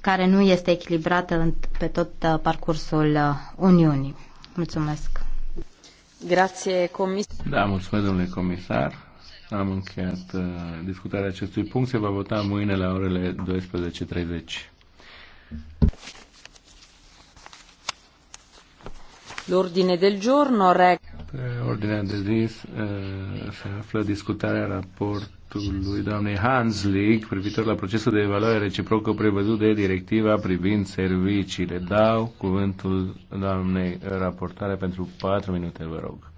care nu este echilibrată pe tot uh, parcursul uh, Uniunii. Mulțumesc. Grație, comisar. Da, mulțumesc, domnule comisar. Am încheiat uh, discutarea acestui punct. Se va vota mâine la orele 12.30. L'ordine del giorno reca. Pe ordinea de zi se află discutarea raport lui doamnei Hanslick privitor la procesul de evaluare reciprocă prevăzut de directiva privind serviciile. Dau cuvântul doamnei raportare pentru 4 minute, vă rog.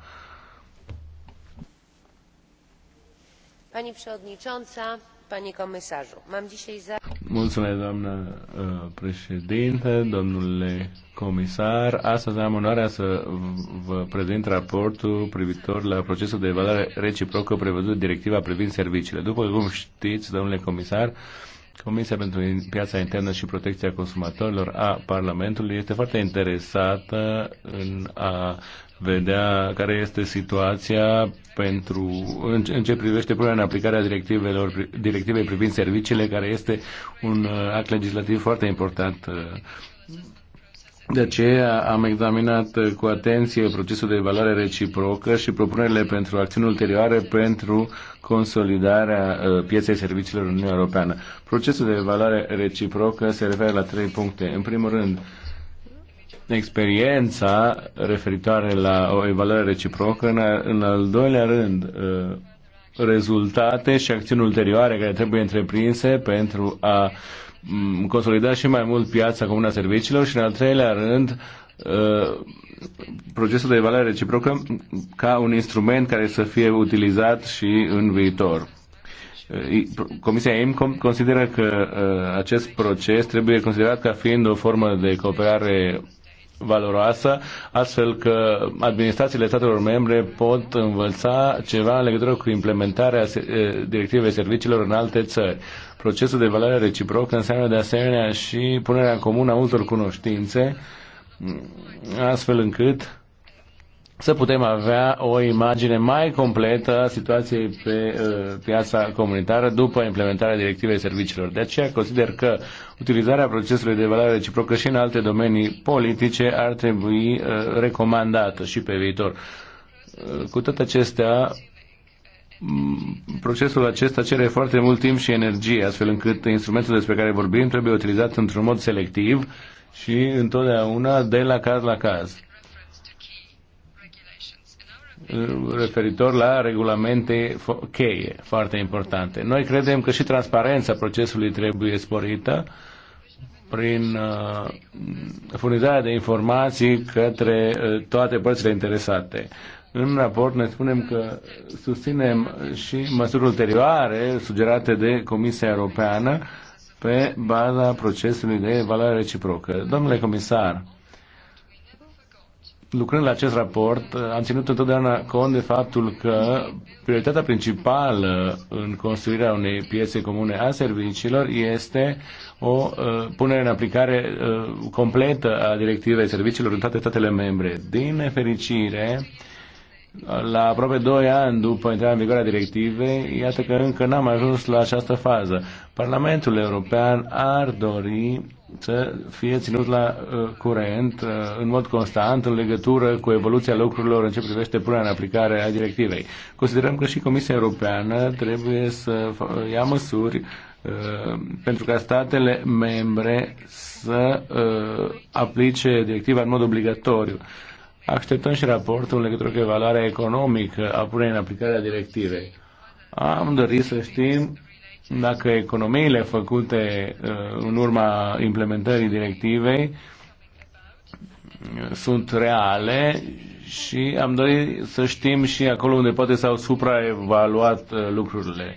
Pani przewodnicząca, panie komisarzu, mam dzisiaj za... Mulțumesc, doamnă uh, președinte, domnule comisar. Astăzi am onoarea să vă prezint raportul privitor la procesul de evaluare reciprocă prevăzut directiva privind serviciile. După cum știți, domnule comisar, Comisia pentru Piața Internă și Protecția Consumatorilor a Parlamentului este foarte interesată în a vedea care este situația pentru, în, în ce privește problema în aplicarea directivelor, directivei privind serviciile, care este un uh, act legislativ foarte important. De aceea am examinat cu atenție procesul de evaluare reciprocă și propunerile pentru acțiuni ulterioare pentru consolidarea uh, pieței serviciilor în Uniunea Europeană. Procesul de evaluare reciprocă se referă la trei puncte. În primul rând, experiența referitoare la o evaluare reciprocă, în, în al doilea rând, uh, rezultate și acțiuni ulterioare care trebuie întreprinse pentru a mm, consolida și mai mult piața comună a serviciilor și, în al treilea rând, uh, procesul de evaluare reciprocă ca un instrument care să fie utilizat și în viitor. Uh, Comisia IMCOM consideră că acest proces trebuie considerat ca fiind o formă de cooperare valoroasă, astfel că administrațiile statelor membre pot învăța ceva în legătură cu implementarea eh, directivei serviciilor în alte țări. Procesul de valoare reciprocă înseamnă de asemenea și punerea în comun a multor cunoștințe, mm, astfel încât să putem avea o imagine mai completă a situației pe uh, piața comunitară după implementarea directivei serviciilor. De aceea consider că utilizarea procesului de valoare reciprocă și în alte domenii politice ar trebui uh, recomandată și pe viitor. Uh, cu toate acestea, mm, procesul acesta cere foarte mult timp și energie, astfel încât instrumentul despre care vorbim trebuie utilizat într-un mod selectiv și întotdeauna de la caz la caz referitor la regulamente cheie, foarte importante. Noi credem că și transparența procesului trebuie sporită prin uh, furnizarea de informații către uh, toate părțile interesate. În raport ne spunem că susținem și măsuri ulterioare sugerate de Comisia Europeană pe baza procesului de evaluare reciprocă. Domnule comisar, lucrând la acest raport, am ținut întotdeauna cont de faptul că prioritatea principală în construirea unei piețe comune a serviciilor este o uh, punere în aplicare uh, completă a directivei serviciilor în toate statele membre. Din nefericire, uh, la aproape 2 ani după intrarea în vigoare a directivei, iată că încă n-am ajuns la această fază. Parlamentul European ar dori să fie ținut la uh, curent uh, în mod constant în legătură cu evoluția lucrurilor în ce privește punerea în aplicare a directivei. Considerăm că și Comisia Europeană trebuie să ia măsuri uh, pentru ca statele membre să uh, aplice directiva în mod obligatoriu. Uh, Așteptăm și raportul în legătură cu evaluarea economică a punerii în aplicare a directivei. Am dorit să știm dacă economiile făcute uh, în urma implementării directivei uh, sunt reale și am dorit să știm și acolo unde poate s-au supraevaluat uh, lucrurile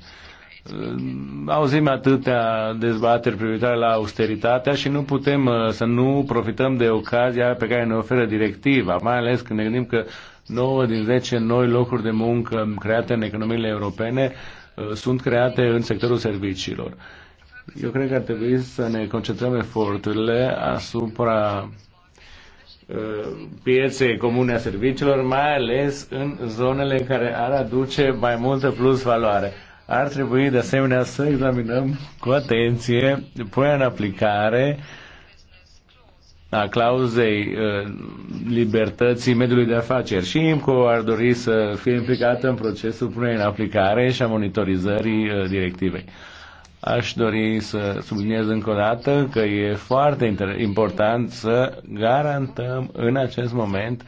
auzim atâtea dezbateri privitoare la austeritatea și nu putem uh, să nu profităm de ocazia pe care ne oferă directiva, mai ales când ne gândim că 9 din 10 noi locuri de muncă create în economiile europene uh, sunt create în sectorul serviciilor. Eu cred că ar trebui să ne concentrăm eforturile asupra uh, piețe comune a serviciilor, mai ales în zonele care ar aduce mai multă plus valoare ar trebui de asemenea să examinăm cu atenție punerea în aplicare a clauzei uh, libertății mediului de afaceri. Și IMCO ar dori să fie implicată în procesul punerii în aplicare și a monitorizării uh, directivei. Aș dori să subliniez încă o dată că e foarte important să garantăm în acest moment uh,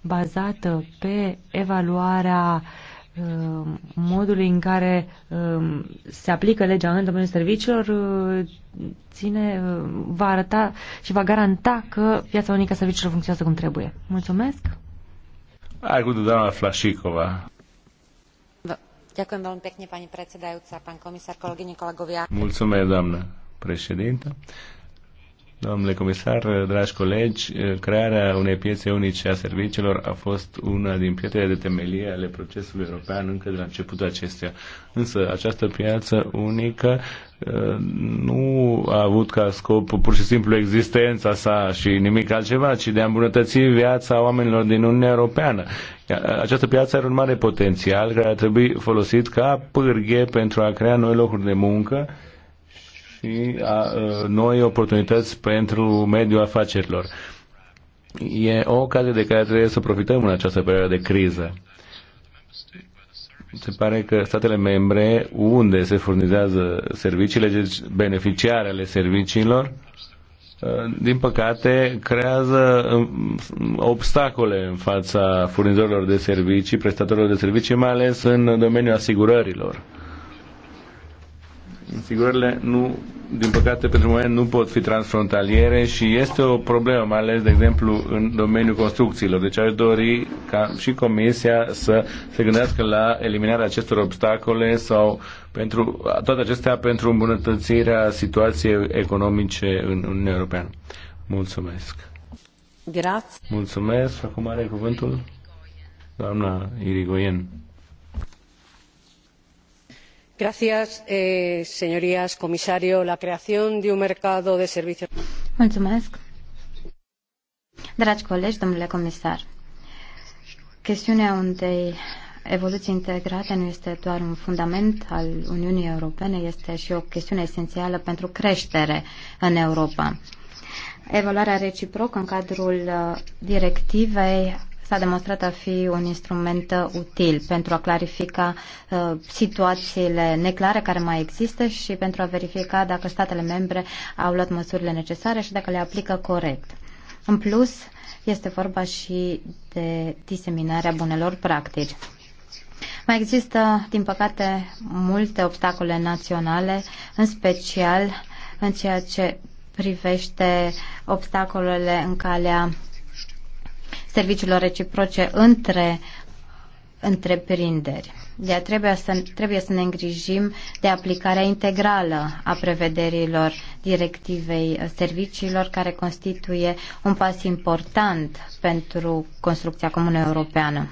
bazată pe evaluarea uh, modului în care um, se aplică legea în domeniul serviciilor uh, ține, uh, va arăta și va garanta că piața unică a serviciilor funcționează cum trebuie. Mulțumesc! Ai cu doamna Flașicova. Da. Ďakujem veľmi pekne, pani predsedajúca, pán komisár, kolegyne, kolegovia. Mulțumesc, doamnă președintă. Domnule comisar, dragi colegi, crearea unei piețe unice a serviciilor a fost una din pietrele de temelie ale procesului european încă de la începutul acestuia. Însă această piață unică uh, nu a avut ca scop pur și simplu existența sa și nimic altceva, ci de a îmbunătăți viața oamenilor din Uniunea Europeană. Uh, această piață are un mare potențial care ar trebui folosit ca pârghie pentru a crea noi locuri de muncă și a, ă, noi oportunități pentru mediul afacerilor. E o ocazie de care trebuie să profităm în această perioadă de criză. Se pare că statele membre unde se furnizează serviciile, deci beneficiare ale serviciilor, ă, din păcate, creează ă, obstacole în fața furnizorilor de servicii, prestatorilor de servicii, mai ales în domeniul asigurărilor figurile nu, din păcate, pentru moment nu pot fi transfrontaliere și este o problemă, mai ales, de exemplu, în domeniul construcțiilor. Deci aș dori ca și Comisia să se gândească la eliminarea acestor obstacole sau pentru toate acestea pentru îmbunătățirea situației economice în Uniunea Europeană. Mulțumesc. Grazie. Mulțumesc. Acum are cuvântul doamna Irigoyen. Eh, señorías señor comisario la creación de un mercado de servicios. Dragi colegi, domnule comisar, chestiunea unei evoluții integrate nu este doar un fundament al Uniunii Europene, este și o chestiune esențială pentru creștere în Europa. Evaluarea reciprocă în cadrul uh, directivei s-a demonstrat a fi un instrument uh, util pentru a clarifica uh, situațiile neclare care mai există și pentru a verifica dacă statele membre au luat măsurile necesare și dacă le aplică corect. În plus, este vorba și de diseminarea bunelor practici. Mai există, din păcate, multe obstacole naționale, în special în ceea ce privește obstacolele în calea serviciilor reciproce între întreprinderi. De a trebuie să, trebuie să ne îngrijim de aplicarea integrală a prevederilor directivei serviciilor, care constituie un pas important pentru construcția comună europeană.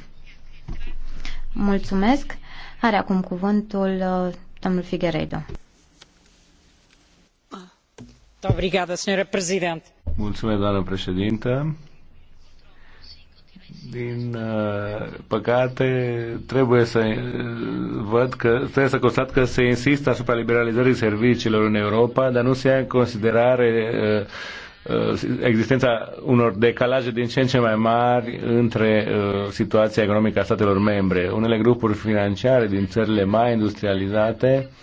Mulțumesc. Are acum cuvântul uh, domnul Figueiredo. Mulțumesc, doamnă președintă din uh, păcate, trebuie să uh, văd că, trebuie să constat că se insistă asupra liberalizării serviciilor în Europa, dar nu se ia în considerare uh, existența unor decalaje din ce în ce mai mari între situația economică a statelor membre. Unele grupuri financiare din țările mai industrializate uh,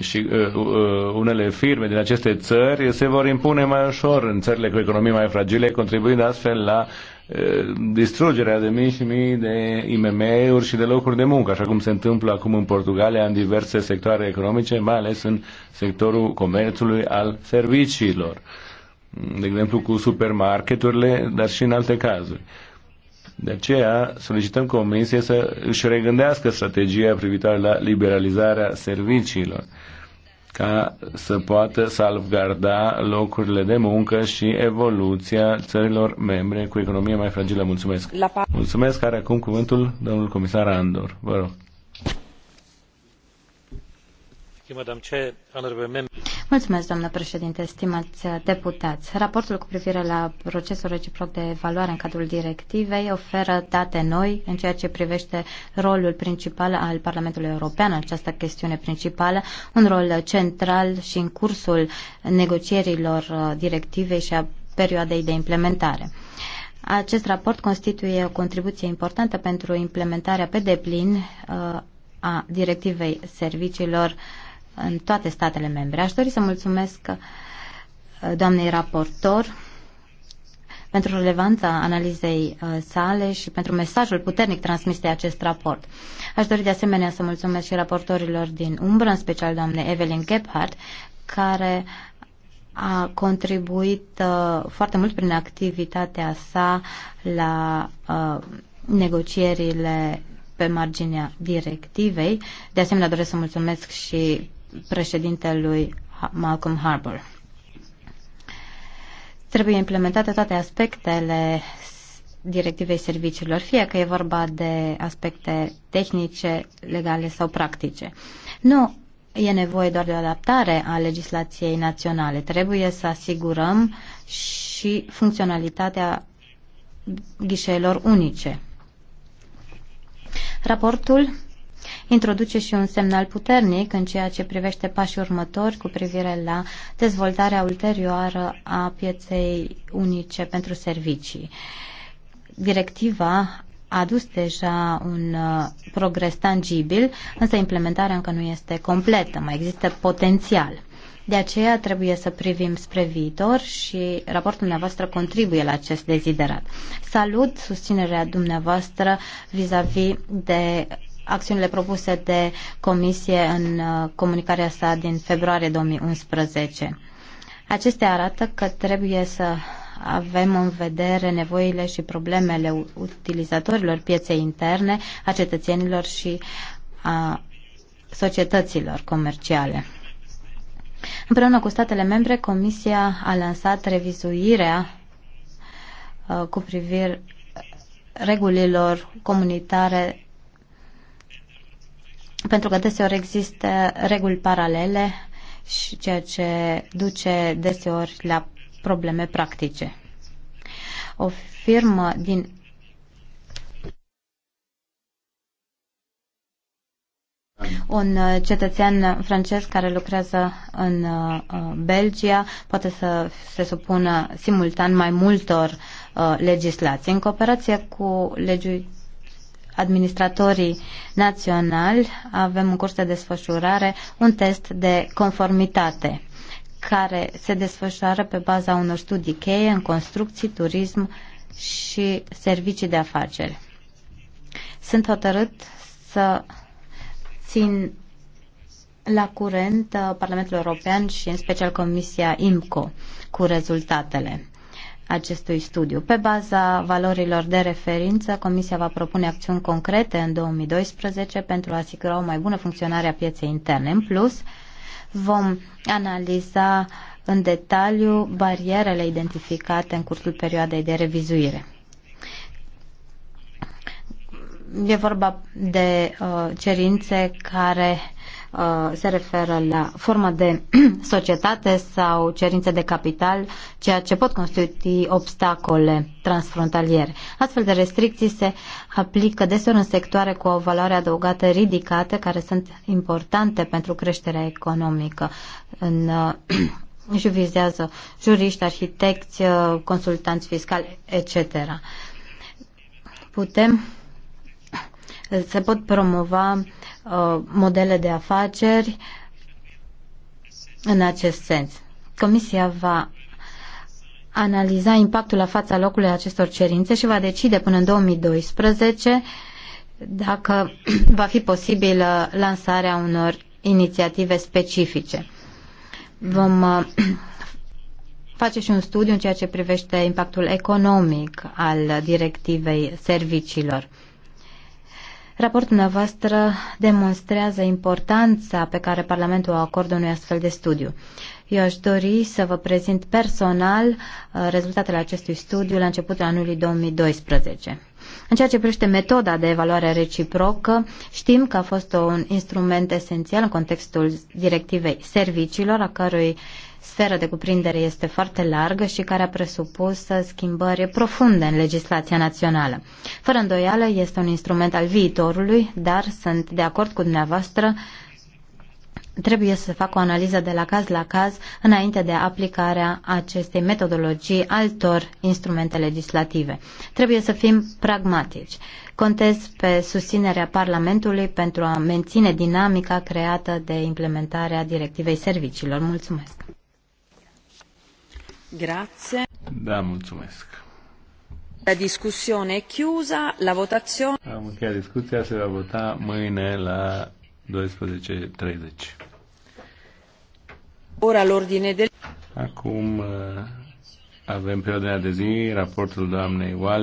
și uh, uh, unele firme din aceste țări se vor impune mai ușor în țările cu economii mai fragile, contribuind astfel la uh, distrugerea de mii și mii de IMM-uri și de locuri de muncă, așa cum se întâmplă acum în Portugalia, în diverse sectoare economice, mai ales în sectorul comerțului al serviciilor, de exemplu cu supermarketurile, dar și în alte cazuri. Uh, de aceea solicităm Comisiei să își regândească strategia privitoare la liberalizarea serviciilor ca să poată salvgarda locurile de muncă și evoluția țărilor membre cu economie mai fragilă. Mulțumesc! Mulțumesc! Are acum cuvântul domnul comisar Andor. Vă rog! Mulțumesc, doamnă președinte, stimați uh, deputați. Raportul cu privire la procesul reciproc de evaluare în cadrul directivei oferă date noi în ceea ce privește rolul principal al Parlamentului European în această chestiune principală, un rol central și în cursul negocierilor uh, directivei și a perioadei de implementare. Acest raport constituie o contribuție importantă pentru implementarea pe deplin uh, a directivei serviciilor uh, în toate statele membre. Aș dori să mulțumesc uh, doamnei raportor pentru relevanța analizei uh, sale și pentru mesajul puternic transmis de acest raport. Aș dori de asemenea să mulțumesc și raportorilor din umbră, în special doamne Evelyn Gebhardt, care a contribuit uh, foarte mult prin activitatea sa la negocierile pe marginea directivei. De asemenea, doresc să mulțumesc și președintelui Malcolm Harbour. Trebuie implementate toate aspectele directivei serviciilor, fie că e vorba de aspecte tehnice, legale sau practice. Nu e nevoie doar de o adaptare a legislației naționale. Trebuie să asigurăm și funcționalitatea ghișeilor unice. Raportul introduce și un semnal puternic în ceea ce privește pașii următori cu privire la dezvoltarea ulterioară a pieței unice pentru servicii. Directiva a adus deja un uh, progres tangibil, însă implementarea încă nu este completă, mai există potențial. De aceea trebuie să privim spre viitor și raportul dumneavoastră contribuie la acest deziderat. Salut susținerea dumneavoastră vis-a-vis -vis de acțiunile propuse de Comisie în uh, comunicarea sa din februarie 2011. Acestea arată că trebuie să avem în vedere nevoile și problemele utilizatorilor pieței interne, a cetățenilor și a societăților comerciale. Împreună cu statele membre, Comisia a lansat revizuirea uh, cu privire regulilor comunitare pentru că deseori există reguli paralele și ceea ce duce deseori la probleme practice. O firmă din Un uh, cetățean francez care lucrează în uh, uh, Belgia poate să se supună simultan mai multor legislații. În cooperație cu legii administratorii naționali avem în curs de desfășurare un test de conformitate care se desfășoară pe baza unor studii cheie în construcții, turism și servicii de afaceri. Sunt hotărât să țin la curent uh, Parlamentul European și în special Comisia IMCO cu rezultatele acestui studiu. Pe baza valorilor de referință, Comisia va propune acțiuni concrete în 2012 pentru a asigura o mai bună funcționare a pieței interne. În plus, vom analiza în detaliu barierele identificate în cursul perioadei de revizuire. E vorba de uh, cerințe care Uh, se referă la formă de societate sau cerințe de capital, ceea ce pot constitui obstacole transfrontaliere. Astfel de restricții se aplică deseori în sectoare cu o valoare adăugată ridicată, care sunt importante pentru creșterea economică. În, uh, și vizează juriști, arhitecți, uh, consultanți fiscali, etc. Putem se pot promova uh, modele de afaceri în acest sens. Comisia va analiza impactul la fața locului acestor cerințe și va decide până în 2012 dacă va fi posibilă lansarea unor inițiative specifice. Vom uh, face și un studiu în ceea ce privește impactul economic al directivei serviciilor. Raportul dumneavoastră demonstrează importanța pe care Parlamentul o acordă unui astfel de studiu. Eu aș dori să vă prezint personal uh, rezultatele acestui studiu la începutul anului 2012. În ceea ce privește metoda de evaluare reciprocă, știm că a fost un instrument esențial în contextul directivei serviciilor, a cărui sferă de cuprindere este foarte largă și care a presupus schimbări profunde în legislația națională. Fără îndoială, este un instrument al viitorului, dar sunt de acord cu dumneavoastră Trebuie să fac o analiză de la caz la caz înainte de aplicarea acestei metodologii altor instrumente legislative. Trebuie să fim pragmatici. Contez pe susținerea Parlamentului pentru a menține dinamica creată de implementarea directivei serviciilor. Mulțumesc! Grazie. Da, mulțumesc. La discussione è chiusa, la votazione... Am încheiat discuția, se va vota mâine la 12.30. Ora l'ordine del... Acum eh, avem pe ordinea de zi raportul doamnei Wall.